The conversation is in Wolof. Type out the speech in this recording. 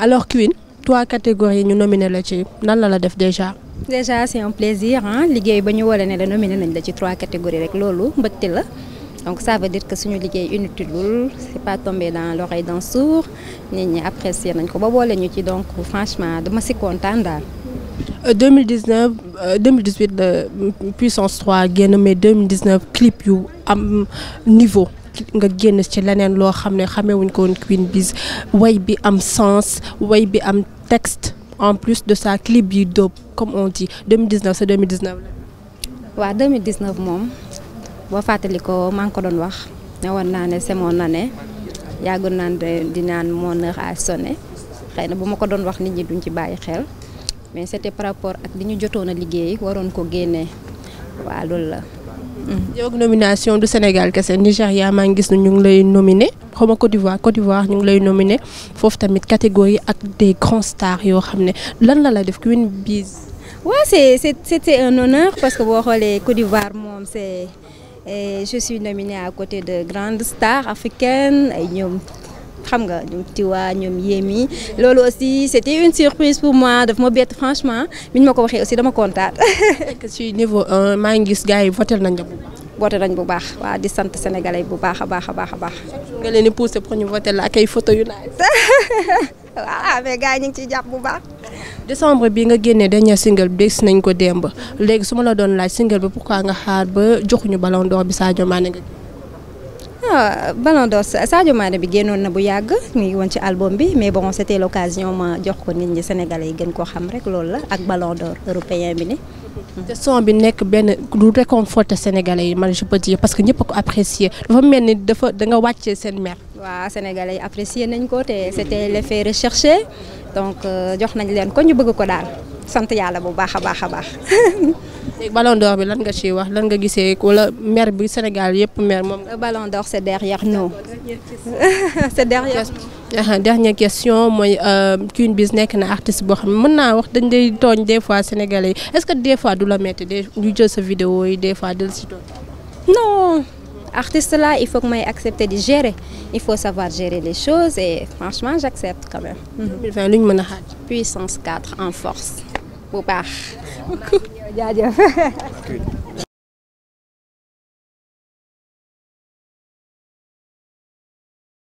Alors Queen trois catégories ñu nominé la ci nan la la def déjà. déjà c'est un plaisir liggéey ba ñu war ne la nominé nañ la ci trois catégories rek loolu mbëgte la donc ça veut dire que suñu liggéey inutile c'est pas tombé dans l'oreille d'un sourd nit ñi apprécier nañ ko ba boole ñu ci donc franchement dama si kontaan daal. 2019 2018 la puissance 3 génn mais 2019 clip yu am niveau nga génn ci leneen loo xam ne xamewuñ ko woon Queen Biz way bi am sens way bi am texte en plus de sa clip yi dóob comme on dit 2019 c'est 2019 la. waaw 2019 moom boo fàttali ko maa ngi ko doon wax ne woon naa ne c'est na ne yàggoon naa ne di naan mon heure a sonné xëy na bu ma ko doon wax nit ñi duñ ci bàyyi xel. mais c'était par rapport ak li ñu jotoon a liggéey waroon ko génnee waa loolu la. Mm. yow nomination du Sénégal kese Nigéria maa ngi gis ne ñu ngi lay nominé xaw ma Côte d'Ivoire Côte d'Ivoire ñu ngi lay nominé foofu tamit catégorie ak des grands stars yoo xam ne lan la la def Queen Biz. waaw c'est c'est c'était un honneur parce que boo xoolee Côte d'Ivoire moom c'est je suis nominée à côté de grandes stars africaines ay ñoom xam nga ñoom Tiwa ñoom Yémi loolu aussi c' était une surprise pour moi daf ma bett franchement bi ñu ma ko waxee aussi dama kontaan. fekk ci niveau maa ngi gis gars yi voté nañ la bu baax. nañ bu baax waaw di sant sénégalais bu baax a baax a baax a baax. nga leen di poussé pour ñu voté la ak ay photo yu naaj. waaw yi ñu ngi ciy jàpp bu baax. décembre bi nga génnee dernier single bi gis nañ ko demb léegi su ma la doon laaj single bi pour pourquoi nga xaar ba joxuñu ballon d'or bi Sadio Mané nga. ah Ballon d'Or Sadio Mané bi génnoon na bu yàgg mu ngi woon ci album bi mais bon c'était l'occasion ma jox ko nit ñi sénégalais yi gën koo xam rek loolu la ak Ballon d'Or européen bi ni te son bi nekk benn lu réconforté sénégalais yi man je peux parce que ñëpp ko apprécié dafa mel ni dafa danga nga wàccee seen mer. waaw sénégalais yi apprécié nañ ko te c'était l'effet recherché donc euh, jox nañ leen ko ñu bëgg ko daal. sant yàlla bu baax a baax a baax. léegi ballon d'or bi lan nga ci wax lan nga gisee wala maire bi Sénégal yëpp maire moom. ballon d'or c'est derrière nous. c'est derrière question mooy euh, Queen Biz nekk na artiste boo xam ne mën naa wax dañ day tooñ des fois sénégalais est ce que des fois du la métti des ñu sa vidéo yi des fois del si tooñ. non. artiste là il faut que may accepter di gérer il faut savoir gérer les choses et franchement j'accepte quand ñu mën a xaar. puissance 4 en force. bu baax. jaajëf.